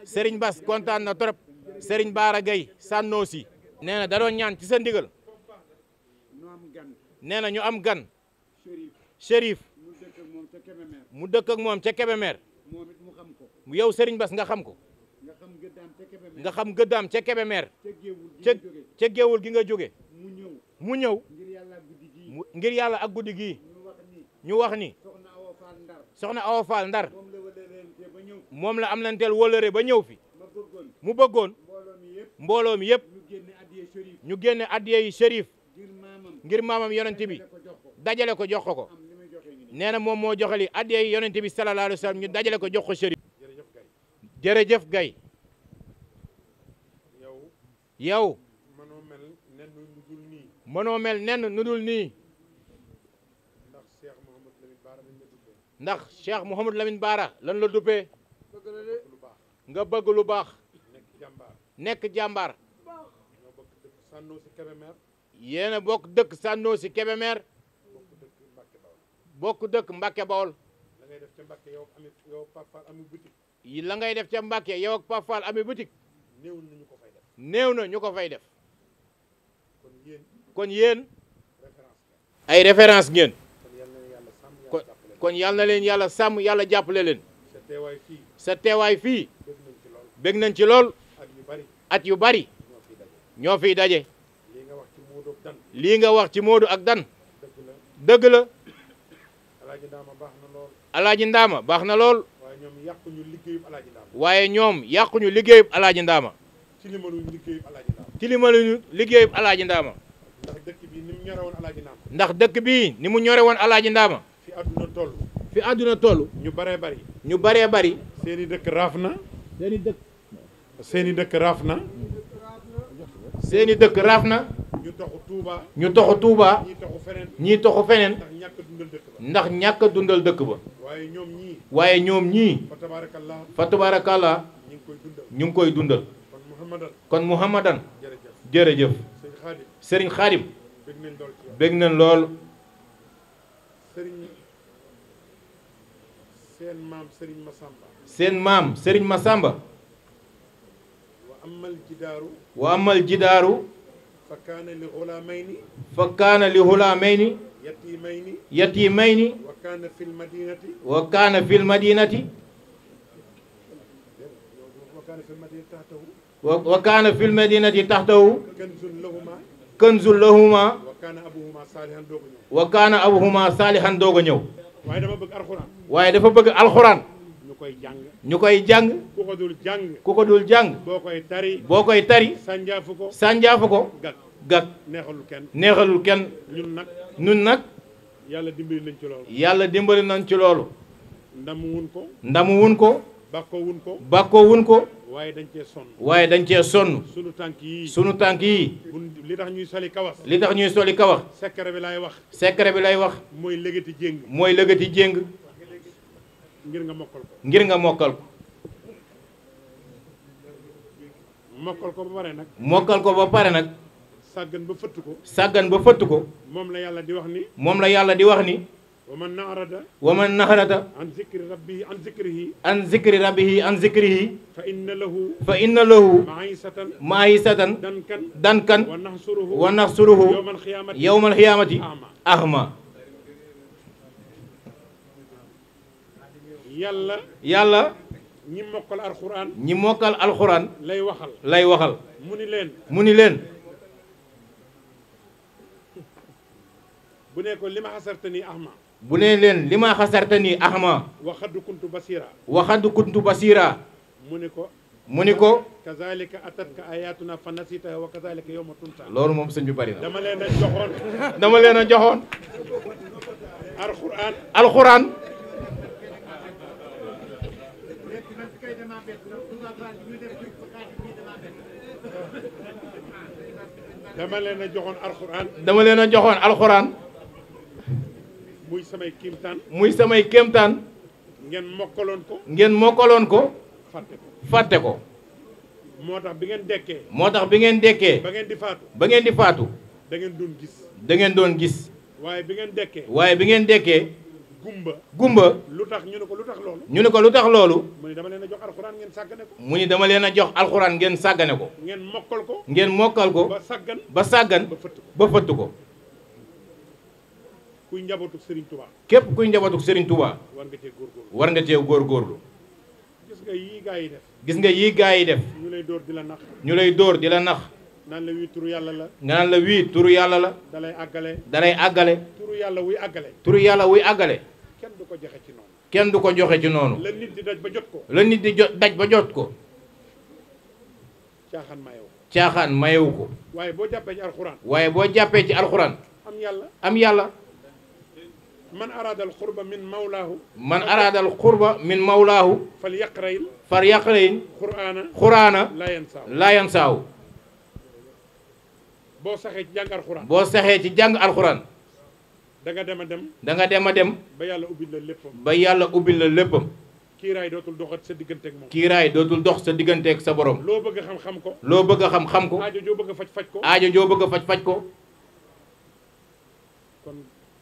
sëriñ bas kontaan na trop Serigne Baara Gueye Sànnoosi nee na da ñaan ci sa ndigal ñu am gan Chérif mu dëkk ak moom ca Kébémer mu xam ko yow Serigne nga xam ko nga xam gëddaam ca Kébémer nga xam gëddaam ca Kébémer ca gi nga jóge mu ñëw mu ngir yàlla ak guddi gii ñu wax ni soxna Awa Ndar moom la am lanteel wolore ba ñëw fi mu bëggoon mbooloo mi yëpp ñu génne addiye yi shérif ngir maamam yonent bi dajale ko jox ko ko nee na moom moo joxali addee yonente bi sallallahu alayhi wa ñu dajale ko jox ko Chérif jërëjëf Gaye yow yow mënoo mel nenn nu dul nii ndax Cheikh Mouhamadou Lamine Baara lañ la lan la duppee nga bëgg lu baax nekk jàmbaar nekk jàmbaar dëkk sànnoo si Kébémer yéen bokk dëkk sànnoo si Kébémer bokk dëkk mbake Bawol. la ngay def ca Mbacke yow ak yow Pape la ngay def ca Mbacke yow ak Pape Fall ami na ñu ko fay def. na ñu ko fay def. kon yéen. ay référence ngeen. kon kon leen yàlla sàmm yàlla jàppale leen. sa teewaay fii. sa nañ ci lool. at yu bari. ñoo fiy daje. lii nga wax ci Moodu ak Dan. lii alaaji ndaama baax na lool. waaye ñoom yàquñu liggéeyub alaaji ndaama. waaye ñoom yàquñu liggéeyub alaaji ndaama. ci li mënuñu liggéeyub ci li mënuñu liggéeyub alaaji ndaama. ndax dëkk bi ni mu ñore woon alaaji ndaama. ndax dëkk bi ni mu ñore woon alaaji ndaama. fi àdduna toll. fi àdduna toll. ñu baree bari. ñu baree bari. seen i dëkk raaf na. seen i dëkk. dëkk raaf na. dëkk raaf na. ñu toxu Touba. ñu toxu feneen. ndax ñàkk dundal dëkk ba waaye ñoom ñii waaye ñoom ñii fa tabaarakallaa ñu ngi koy dundal kon muhammadan jërëjëf sëriñ xaadim bég nañ lool seen maam sëriñ Masamba seen maam sëriñ ma Masamba wa amal jidaaru fa kaana li xulaamayni يتيمين يتيمين وكان في المدينة وكان في المدينة وكان في المدينة تحته وكان في المدينة تحته كنز ñëw waaye dafa bëgg alxuraan waaye dafa bëgg alxuraan ñu koy jàng ku ko dul jàng ku ko dul jàng boo koy tari boo ko gàkk gàkk neexalul kenn nun nag. yàlla dimbali nañ ci loolu. yàlla dimbali nañ ci loolu. ndamu wun ko. ndamu wun ko. bàkkoo wun ko. bàkkoo wun ko. waaye dañ cee sonn. waaye dañ cee sonn. sunu tànk yi sunu tànk yi li tax ñuy soli kawas. li tax ñuy soli kawas. secret bi lay wax. secret bi lay wax. mooy lëgëti jéng. mooy lëgëti jéng. ngir nga mokkal ngir nga mokkal ko. mokkal ko ba pare nag. mokkal ko ba pare nag. sàggan ba fëtt ko. sàggan ba fëtt ko. moom la yàlla di wax ni. moom la yàlla di wax ni. wa man naarada. wa man naarada. an zikri rabbihi an zikrihi. an zikri rabbihi an zikrihi. fa inna lahu. fa inna lahu. maayisatan. maayisatan. dankan. dankan. wa naxsuruhu. wa xiyaamati. yawmal yàlla. yàlla. ñi mokkal alxuraan. ñi mokkal alxuraan. lay waxal. lay waxal. mu ni leen. bu ne li ma xasarta nii ahma bu ne leen li ma xasarta nii ahma waxaddu kuntu basira waxaddu kuntu basira mu ni ko mu ni ko kazalika atatka ayatuna fa nasitaha wa kazalika yawma loolu moom sëñ bi bari dama leen a joxoon dama leen a joxoon alxuraan dama leen a joxoon alxuraan dama leen a joxoon alxuraan muy samay kéemtaan. muy samay kéemtaan. ngeen mokkaloon ko. ngeen mokkaloon ko. fàtte ko fàtte ko. moo tax bi ngeen dekkee. moo tax bi ngeen dekkee. ba ngeen di faatu. ba ngeen di faatu. da ngeen doon gis. da ngeen doon gis. waaye bi ngeen dekkee. waaye bi ngeen dekkee. gumba gumba. lu tax ñu ne ko lu tax loolu. ñu ne ko lu tax loolu. mu ni dama leen a jox alxuraan ngeen sàggane ko. mu ni dama leen a jox alxuraan ngeen sàggane ko. ngeen mokkal ko. ngeen mokkal ko. ba sàggan ba sàggan. ba fëtt ko ba fëtt ko. kuy njabootu Serigne Touba. képp kuy njabootu Serigne Touba. war nga cee góorgóorlu war nga cee góorgóorlu. gis nga yii gaa yi def. gis nga yii gaa yi def. ñu lay dóor di la nax. ñu lay dóor di la nax. naan la wii tur yàlla la. nga naan la yàlla la. da lay àggale. da àggale. turu yàlla wuy àggale. tur yàlla wuy àggale. kenn du ko joxe ci noonu. kenn du ko joxe ci noonu. la nit di daj ba jot ko. la nit di jot daj ba jot ko. caaxaan mayewu. caaxaan mayewu ko. waaye boo jàppee ci alxuraan. waaye boo jàppee ci alxuraan. am yàlla am yàlla. man araadal xurba min mawlaahu. man araadal xurba min mawlaahu. fal yaqrayin. fal yaqrayin. xuraana. xuraana. laayan saaw boo saxee ci jàng alxuraan. boo saxee ci jàng alxuraan. danga nga dem a dem. da dem a dem. ba yàlla ubbil la léppam. ba yàlla ubbil la léppam. kiiraay dootul dox sa digganteeg moom. kiiraay dootul dox sa digganteeg sa borom. loo bëgg xam xam ko. loo bëgg a xam xam ko. aajo joo bëgg faj faj ko. aajo joo bëgg a faj faj ko. kon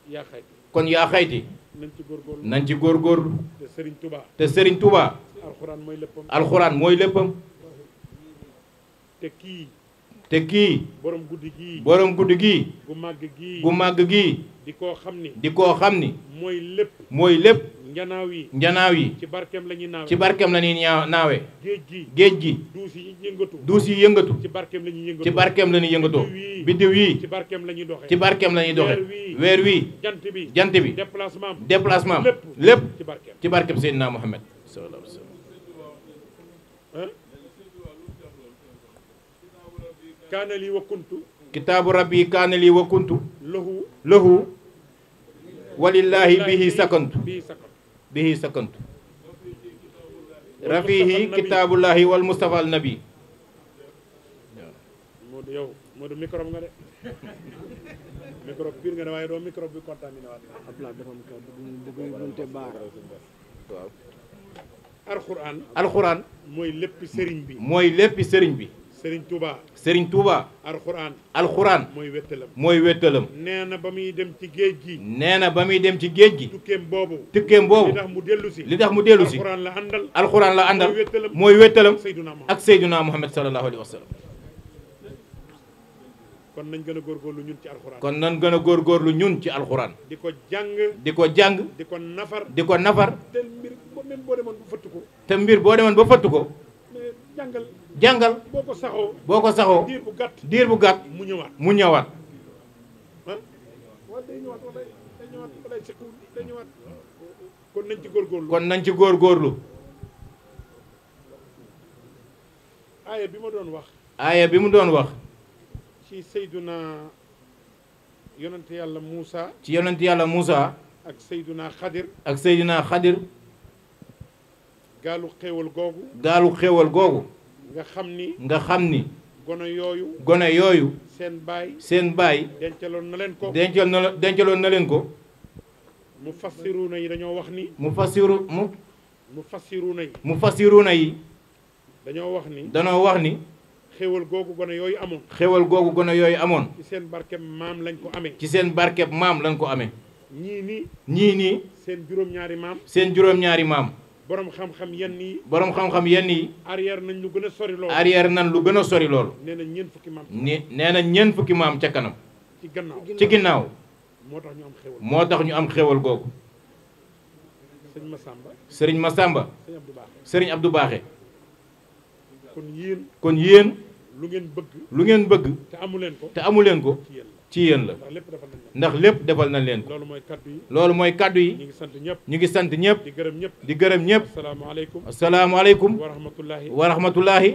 yaa kon yaa xayti nañ ci góor te Serigne Touba te Serigne Touba alxuraan mooy léppam alxuraan mooy léppam te kii te kii boroom guddi gii borom guddi gii gu màgg gii gu màgg gii di koo xam ni di koo xam ni mooy lépp mooy lépp njanaaw yi njanaaw yi ci barkeem la ñuy naawe ci barkeem la ñuy naawe géej gi géej gi duus yi yëngatu duus yi yëngatu ci barkeem la ñuy yëngatoo ci barkeem la ñuy yëngatoo biddiw yi ci barkeem la ñuy doxe ci barkeem la ñuy doxe weer wii jant bi jant bi déplacement déplacement lépp ci barkeem Seydina Muhammad sallallahu alayhi wasallam kaana lii wa kuntu kitaabu rabbi kaana lii wa kuntu lahu lahu walillahi bihi sakantu bihi sakantu rafihi kitaabullahi wal mustafa al nabi Modou yow Modou microbe bi contaminé waat Abdoulaye dafa am alxuraan mooy léppi bi mooy léppi sëriñ bi Serigne Touba. sëriñ Touba. alxuraan alxuraan. mooy wettalam mooy wettalam. nee na ba muy dem ci géej gi. nee na ba muy dem ci géej gi. tukkeem boobu. tukkeem boobu li tax mu dellu si. li tax mu dellu si alxuraan la àndal. alxuraan la àndal mooy wettalam ak Seyduna Muhammad sallallahu alayhi wa kon nañ gën a góorgóorlu ñun ci alxuraan. kon nañ gën a góorgóorlu ñun ci alxuraan. di ko jàng. di ko jàng. di ko nafar. di ko nafar. te mbir boo demoon ba fëttu ko. te mbir boo demoon ba fëttu ko. jàngal boo ko saxoo diir bu gàtt diir bu gàtt mu ñëwaat mu ñëwaat. kon nañ ci góorgóorlu kon nañ ci góorgóorlu. aaya bi ma doon wax. aaya bi mu doon wax. ci Seyduna yonent yàlla Moussa. ci yonent yàlla Moussa. ak Seyduna Xadir. ak Seyduna Xadir. gaalu xéewal googu. gaalu xéewal googu. nga xam ni nga xam ni gone yooyu gone yooyu seen baay seen baay dencaloon na leen ko dencal na dencaloon na leen ko mu fassiruuna yi dañoo wax ni mu fassiru mu mu fassiruuna yi mu fassiruuna yi dañoo wax ni dañoo wax ni xewal googu gone yooyu amoon xéwal googu gone yooyu amoon ci seen barkeb maam lañ ko amee ci seen barkeb maam lañ ko amee ñii nii ñii nii seen juróom-ñaari maam seen juróom-ñaari maam borom xam-xam yenn yi. borom xam-xam yenn yi. arrière nañ lu gën a sori lool. arrière nañ lu gën a sori lool. nee na ñeent fukki maam. nee na ñeent fukki maam ca kanam. ci ginnaaw ci ginnaaw. moo tax ñu am xéwal moo tax ñu am xéwal googu. sëriñ Massamba. sëriñ Massamba. sëriñ Abdou Baaxe. kon yéen. kon yéen. lu ngeen bëgg. lu ngeen bëgg. te amu leen ko te amu leen ko. ci yéen la ndax lépp defal nañ leen ko loolu mooy kaddu yi ñu ngi sant ñëpp di gërëm ñëpp asalaamualeykum wa rahmatullahi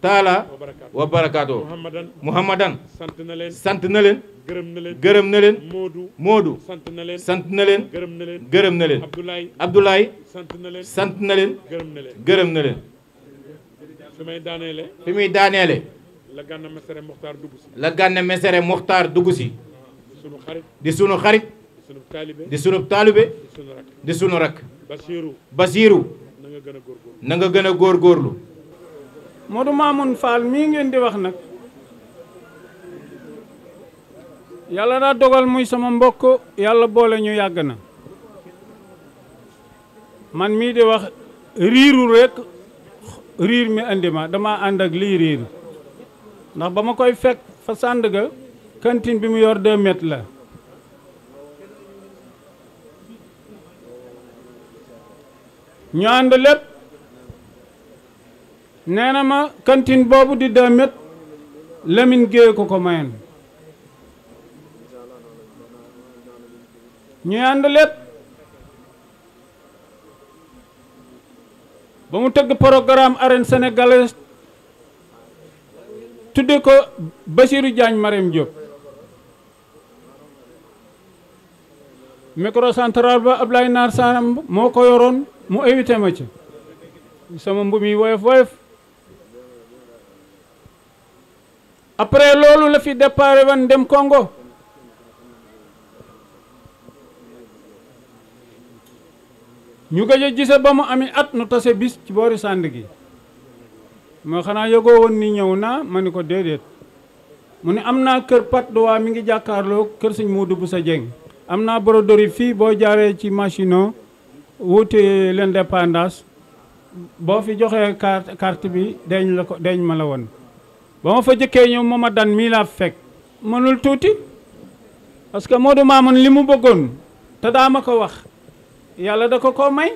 taala wa barakaatu muhammadan sant na leen gërëm na leen na moodu sant na leen gërëm na leen abdoulaye sant na leen gërëm na leen fi muy daaneele la Gana Messere Mokhtar dugg si. la Gana Messere Mokhtar dugg si. di sunu xarit di sunu rakk di sunu rakk. Basiirou Basiirou. na nga gën a góorgóorlu gën a góorgóorlu. Modou Mamoun mii ngeen di wax nag. yàlla daa dogal muy sama mbokk yàlla boole ñu yàgg na man mii di wax riiru rekk riir mi andi ma dama ànd ak lii riir ndax ba ma koy fekk fa Sandaga kantin bi mu yor 2 mètres la ñu ànd lépp nee na ma cantine boobu di 2 mètres Lamine Gueye ko ko mayoon ñu ànd lépp ba mu tëgg programme arène sénégalaise tudde ko Bassirou Diagne Marème Diop microcentral ba Ablaye Naar Samb moo ko yoroon mu invité ma ci sama mbu yi woyof woyof après loolu la fi départ wan dem kongo ñu gëj a gise ba mu ami at nu tase bis ci boori sànd gi ma xanaa yëgoo woon ni ñëw naa ma ni ko déedéet mu ne am naa kër Patte d'Oie mi ngi jàkkaarloo kër sëñ Modou Bousso Dieng am naa broderi fii boo jaaree ci machino wuute l'indépendance boo fi joxee carte bi deñ la ko deñ ma la won ba ma fa jëkkee ñëw mooma dan mii laa fekk mënul tuuti parce que Modou Mamoun li mu bëggoon te daa ma ko wax yàlla da ko ko may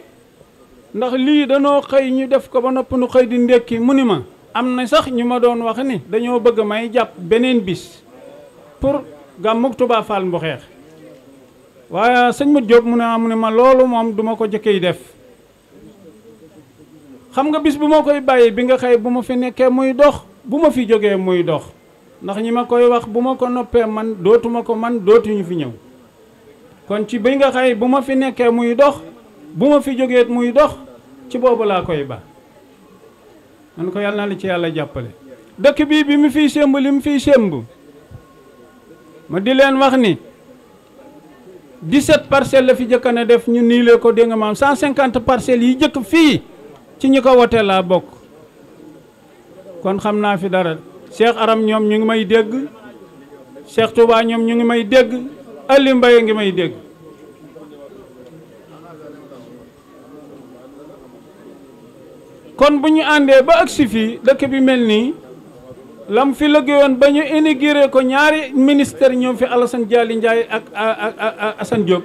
ndax lii dañoo xëy ñu def ko ba nopp nu xëy di ndékki mu ni ma am na sax ñu ma doon wax ni dañoo bëgg may jàpp beneen bis pour gàmmug tubaafal Fall Mbuxeex waaye sëñ Mat Jóob mu ne mu ne ma loolu moom duma ko jëkkey def xam nga bis bu ma koy bàyyi bi nga xëy bu ma fi nekkee muy dox bu ma fi jógee muy dox ndax ñi ma koy wax bu ma ko noppee man dootuma ko man dootuñu fi ñëw kon ci bi nga xëy bu ma fi nekkee muy dox bu ma fi jógee muy dox ci boobu laa koy ba man ko yàlla na la ci yàlla jàppale dëkk bii bi mu fiy sémb li mu fiy sémb ma di leen wax ni 17 parcelles la fi jëkka na def ñu niile ko dégg nga maam 150 parcelles yi jëkk fii ci ñi ko wote laa bokk kon xam naa fi dara Cheikh Aram ñoom ñu ngi may dégg Cheikh Touba ñoom ñu ngi may dégg Ali Mbaye ngi may dégg kon bu ñu àndee ba agsi fii dëkk bi mel nii lam fi liggéeyoon ba ñu inauguré ko ñaari ministère ñoom fi Alassane Dialli Ndiaye ak Assane Diop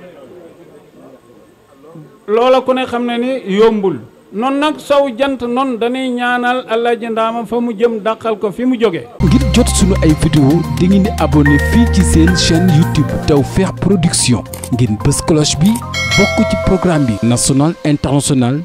loola ku ne xam ne ni yombul noonu nag sow jant noonu dañuy ñaanal Alaaji Ndaama fa mu jëm dàqal ko fi mu jóge ngir jot suñu ay vidéo di ngeen di abonné fii ci seen chaîne YouTube Tawfekh Production ngeen bës cloche bi bokk ci programme bi national international